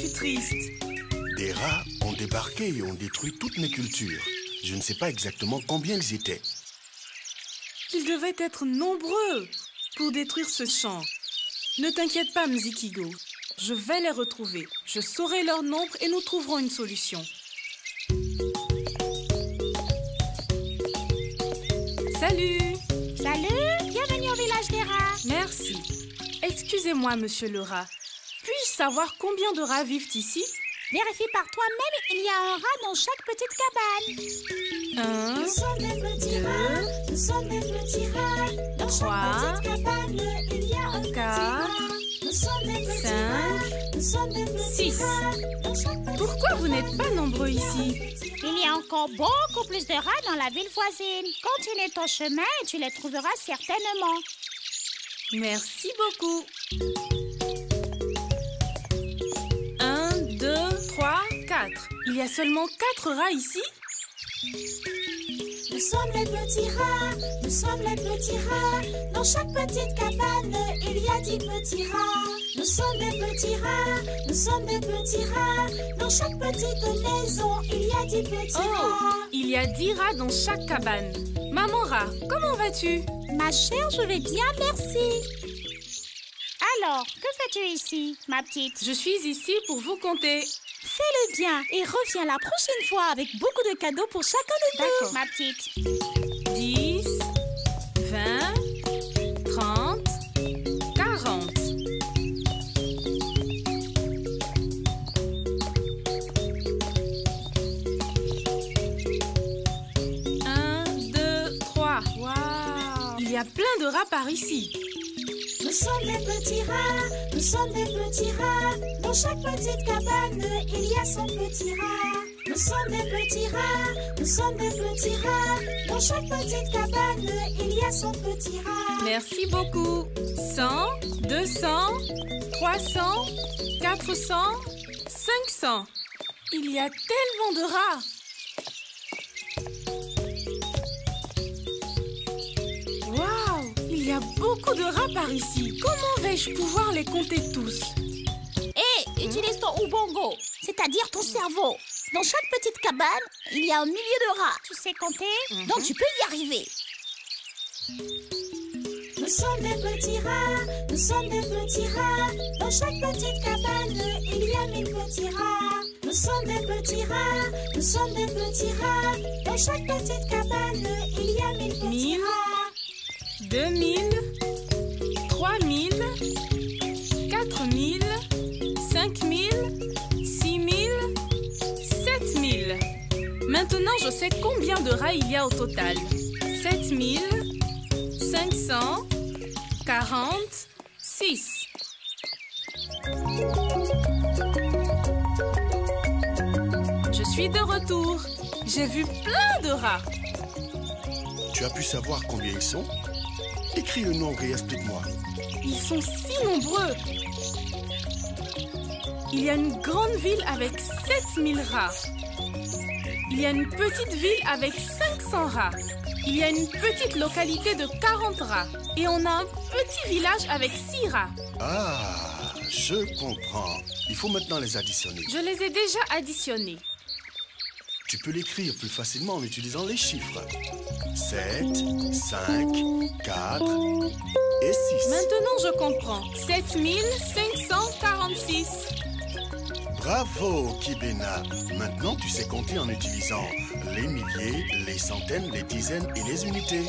suis triste. Des rats ont débarqué et ont détruit toutes mes cultures. Je ne sais pas exactement combien ils étaient. Ils devaient être nombreux pour détruire ce champ. Ne t'inquiète pas, Mzikigo. Je vais les retrouver. Je saurai leur nombre et nous trouverons une solution. Salut Salut Bienvenue au village des rats Merci. Excusez-moi, monsieur le rat savoir combien de rats vivent ici Vérifie par toi-même, il y a un rat dans chaque petite cabane. Un, nous sommes deux, nous sommes rats. trois, il un quatre, cinq, six. Pourquoi vous n'êtes pas nombreux ici Il y a encore beaucoup plus de rats dans la ville voisine. Continue ton chemin et tu les trouveras certainement. Merci beaucoup. y a seulement quatre rats ici Nous sommes les petits rats, nous sommes les petits rats. Dans chaque petite cabane, il y a dix petits rats. Nous sommes des petits rats, nous sommes des petits rats. Dans chaque petite maison, il y a dix petits oh, rats. Il y a dix rats dans chaque cabane. Maman rat, comment vas-tu Ma chère, je vais bien, merci. Alors, que fais-tu ici, ma petite Je suis ici pour vous compter fais le bien et reviens la prochaine fois avec beaucoup de cadeaux pour chacun de nous. D'accord, ma petite. 10, 20, 30, 40. 1, 2, 3. Waouh Il y a plein de rats par ici. Nous sommes des petits rats, nous sommes des petits rats. Dans chaque petite cabane, il y a son petit rat. Nous sommes des petits rats, nous sommes des petits rats. Dans chaque petite cabane, il y a son petit rat. Merci beaucoup. 100, 200, 300, 400, 500. Il y a tellement de rats. beaucoup de rats par ici. Comment vais-je pouvoir les compter tous Hé, eh, utilise ton ubongo, c'est-à-dire ton cerveau. Dans chaque petite cabane, il y a un millier de rats. Tu sais compter mhm. Donc tu peux y arriver. Nous sommes des petits rats, nous sommes des petits rats. Dans chaque petite cabane, il y a mille petits rats. Nous sommes des petits rats, nous sommes des petits rats. Dans chaque petite cabane, il y a mille petits rats. 2000, 3000, 4000, 5000, 6000, 7000. Maintenant, je sais combien de rats il y a au total. 7000, 500, Je suis de retour. J'ai vu plein de rats. Tu as pu savoir combien ils sont Écris le nombre et explique-moi. Ils sont si nombreux. Il y a une grande ville avec 7000 rats. Il y a une petite ville avec 500 rats. Il y a une petite localité de 40 rats. Et on a un petit village avec 6 rats. Ah, je comprends. Il faut maintenant les additionner. Je les ai déjà additionnés. Tu peux l'écrire plus facilement en utilisant les chiffres. 7, 5, 4. 7546. Bravo, Kibena. Maintenant, tu sais compter en utilisant les milliers, les centaines, les dizaines et les unités.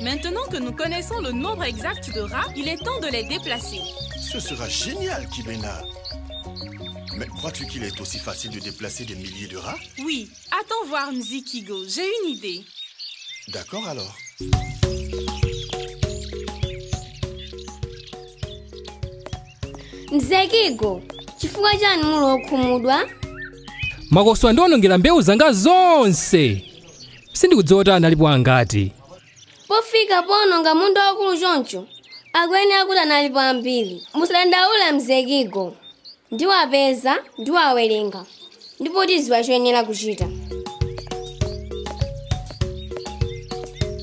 Maintenant que nous connaissons le nombre exact de rats, il est temps de les déplacer. Ce sera génial, Kibena. Mais crois-tu qu'il est aussi facile de déplacer des milliers de rats Oui. Attends voir, Mzikigo. J'ai une idée. D'accord alors. mzekigo chifukwa chani muli okhumudwa makoso andiwonongera mbewu zanga zonse sindikudziwa kuti analipo angati pofika poononga munda munthu wakulu choncho akweni akuti analipo ambiri musadandaula mzekigo ndiwapeza ndiwawerenga ndipo tiziwa choyenera kuchita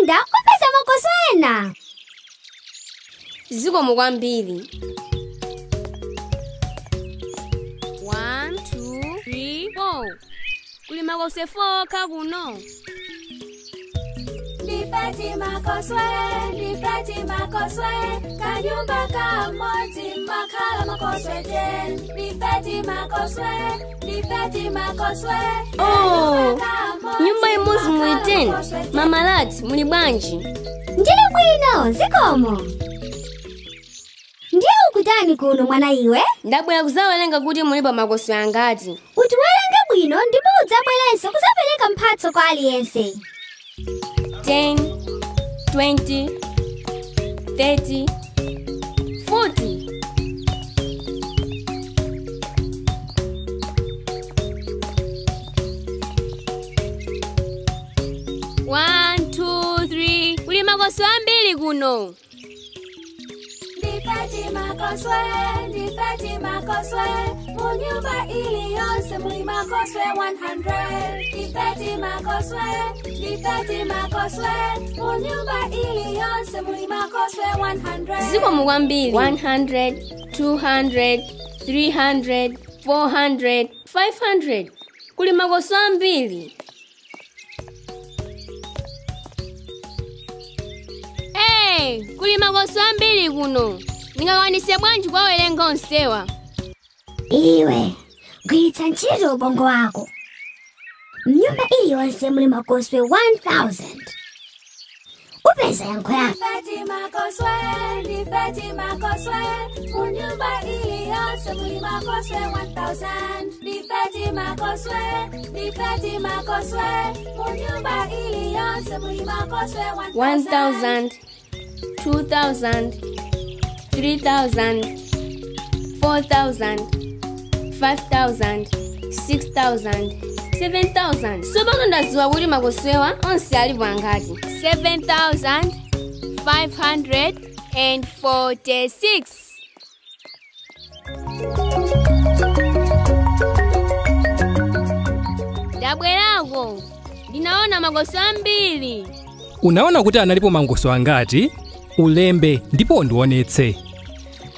Wenda kopeza makoso mwa zikomo One, two, three, four. 4 kuli makosefoka kuno Fatima Koswe, Li Fatima Koswe, Kayumba Kamoti Makala Makoswe Jen, Li Fatima Koswe, Li Fatima Koswe. Oh, nyumba imuzi muli ten, mamalati muli bwanji. Ndili bwino, zikomo. Ndiye ukutani kuno mwana iwe? Ndabwera kuzawelenga kuti muli pa angati. Utiwelenge bwino ndipo udzabwerenso kuzapereka mphatso kwa aliyense. 10, 20, 30, 40. Kuli makoswe ambiri kuno. makoswe, ndipati makoswe, munyumba iliyo Sifuri makoswe 100, Kipeti makoswe, Kipeti makoswe, unyumba iliyo sifuri makoswe 100. Ziko mugwa 100, 200, 300, 400, 500. Kuli makoso mbili. Hey, kuli makoswa mbili kuno. Ningakwanise bwanji kwawelenga onsewa. Iwe ngiyitantshize ubongo wakho mnyumba iliyowasemlimakoswe 1000 ubeza yankhoyakho 2000 3000 4000 5000 6000 7000 sobano ndadziwa kuti makosewa onse ali bwangati 7546 ndabwerako ndinaona magoso ambiri unaona kuti analipo magoso angati ulembe ndipo ndionetse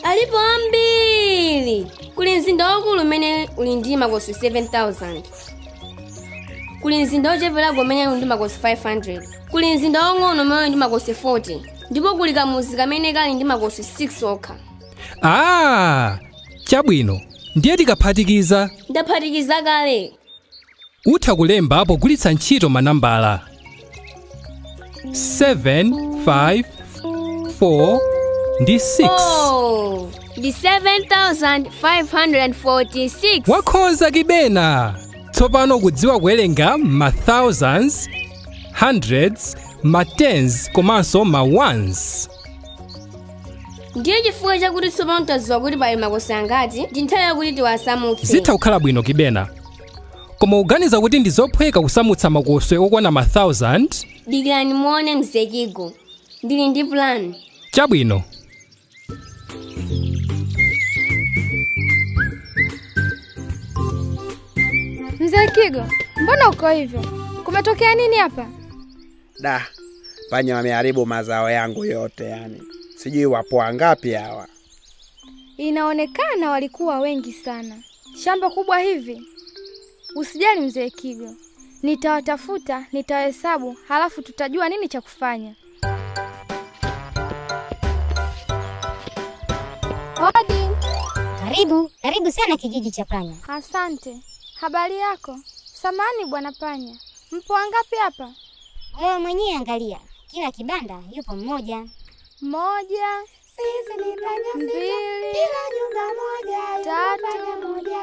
alipo ambiri ili kuli mzinda waukulu umene uli ndi makosi 7000 kuli mzinda wocheperago umene uli ndi makosi 500 kuli mzinda wong'ono umene uli ndi makosi 40 ndipo kuli kamuzi kamene kali ndi makosi 6 okha ah chabwino ndiye tikaphatikiza ndaphatikiza kale utha kulemba apogulitsa ntchito manambala 7 5 4 ndi 6 oh. ndi 7,546 wakhoza kibena tsopano kudziwa kuwerenga ma thousands hundreds ma tens komanso ma ones ndiye chifukwa chakuti tsopano tadziwa kuti pali makosi angati ndi nthawi yakuti tiwasamutse zitha kukhala bwino kibena koma uganiza kuti ndi zophweka kusamutsa makoswe okwana ma thousand. dikirani muone mzekigo ndili ndi plan chabwino Mzee Kigo, mbona uko hivyo? Kumetokea nini hapa? Da, panya wameharibu mazao yangu yote, yani sijui wapo wangapi hawa. Inaonekana walikuwa wengi sana, shamba kubwa hivi. Usijali mzee Kigo, nitawatafuta, nitawahesabu, halafu tutajua nini cha kufanya. Hodi. Karibu, karibu sana kijiji cha panya. Asante. Habari yako? Samani bwana panya, mpo wangapi hapa? Wewe mwenyewe angalia, kila kibanda yupo mmoja. Moja, sisi ni panya sita, mbili, kila nyumba moja, tatu, panya moja.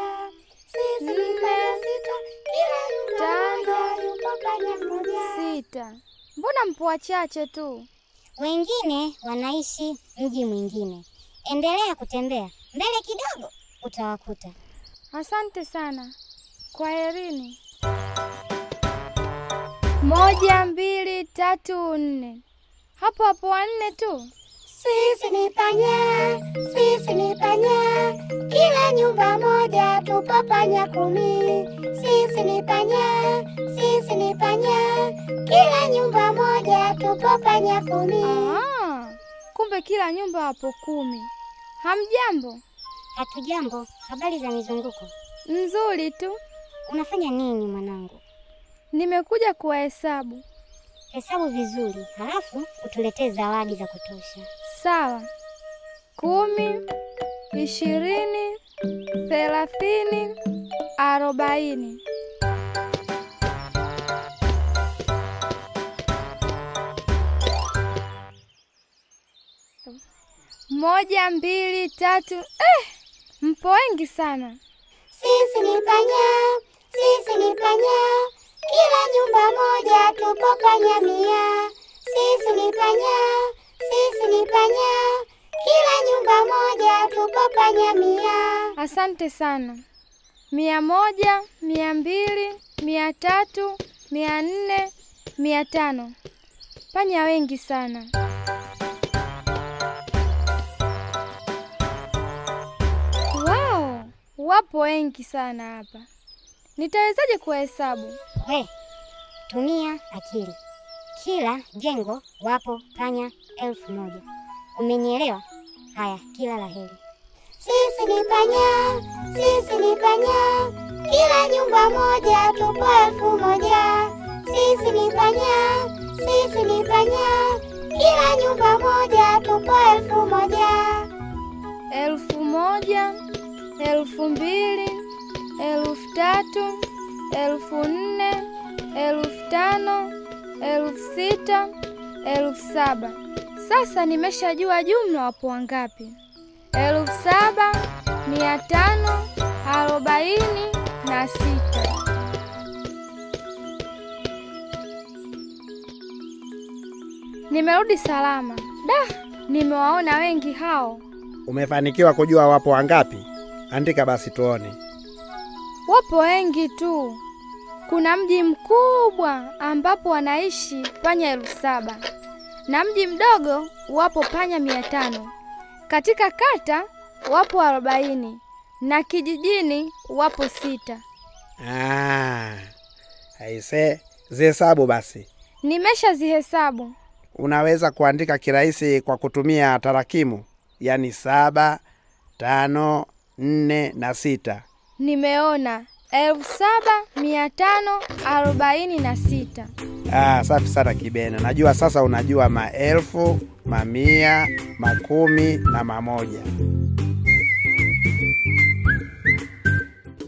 Sisi ni panya sita, kila nyumba moja yupo panya mmoja. Sita. Mbona mpo wachache tu? Wengine wanaishi mji mwingine. Endelea kutembea mbele kidogo, utawakuta. Asante sana. Kwaherini. Moja, mbili, tatu, nne. Hapo hapo wanne tu. Sisi ni panya, sisi ni panya, kila nyumba moja tupo panya kumi. Sisi ni panya, sisi ni panya, kila nyumba moja tupo panya kumi. Ah, kumbe kila nyumba hapo kumi. Hamjambo? Hatujambo. Habari za mizunguko? Nzuri tu unafanya nini mwanangu? Nimekuja kuwahesabu. Hesabu vizuri, halafu utuletee zawadi za kutosha. Sawa. Kumi, ishirini, thelathini, arobaini. Moja, mbili, tatu. Eh, mpo wengi sana. Sisi ni sisi ni panya, kila nyumba moja tupo panya mia. Sisi ni panya, sisi ni panya, kila nyumba moja tupo panya mia. Asante sana. Mia moja, mia mbili, mia tatu, mia nne, mia tano. Panya wengi sana. Wow, wapo wengi sana hapa. Nitawezaje kuwahesabu? We, tumia akili. Kila jengo wapo panya elfu moja. Umenielewa? Haya, kila laheri. Sisi ni panya, sisi ni panya, kila nyumba moja tupo elfu moja. Sisi ni panya, sisi ni panya, kila nyumba moja tupo elfu moja. Elfu moja, elfu mbili elfu tatu elfu nne elfu tano elfu sita elfu saba Sasa nimeshajua jumla wapo wangapi. elfu saba mia tano arobaini na sita. Nimerudi salama. Da, nimewaona wengi hao. Umefanikiwa kujua wapo wangapi? Andika basi tuone. Wapo wengi tu. Kuna mji mkubwa ambapo wanaishi panya elfu saba na mji mdogo wapo panya mia tano. Katika kata wapo arobaini na kijijini wapo sita. Ah, aise zihesabu basi. nimesha zihesabu Unaweza kuandika kirahisi kwa kutumia tarakimu, yaani saba, tano, nne na sita nimeona elfu saba mia tano arobaini na sita. Ah, safi sana Kibena, najua sasa unajua maelfu, mamia, makumi na mamoja.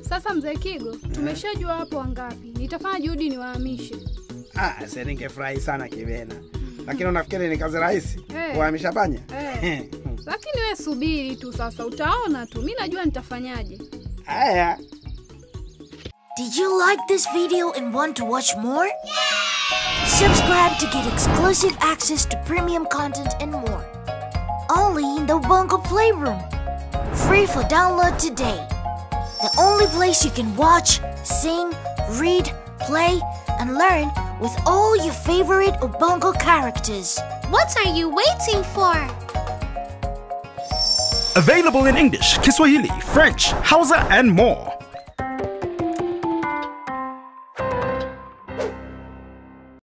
Sasa mzee Kigo, tumeshajua wapo wangapi, nitafanya juhudi niwahamishe. Ah, ningefurahi sana Kibena, lakini unafikiri ni kazi rahisi eh. kuwahamisha hey. panya hey. Eh. lakini we subiri tu sasa, utaona tu, mi najua nitafanyaje. Did you like this video and want to watch more? Subscribe to get exclusive access to premium content and more. Only in the Bongo Playroom. Free for download today. The only place you can watch, sing, read, play, and learn with all your favorite Ubongo characters. What are you waiting for? Available in English, Kiswahili, French, Hausa, and more.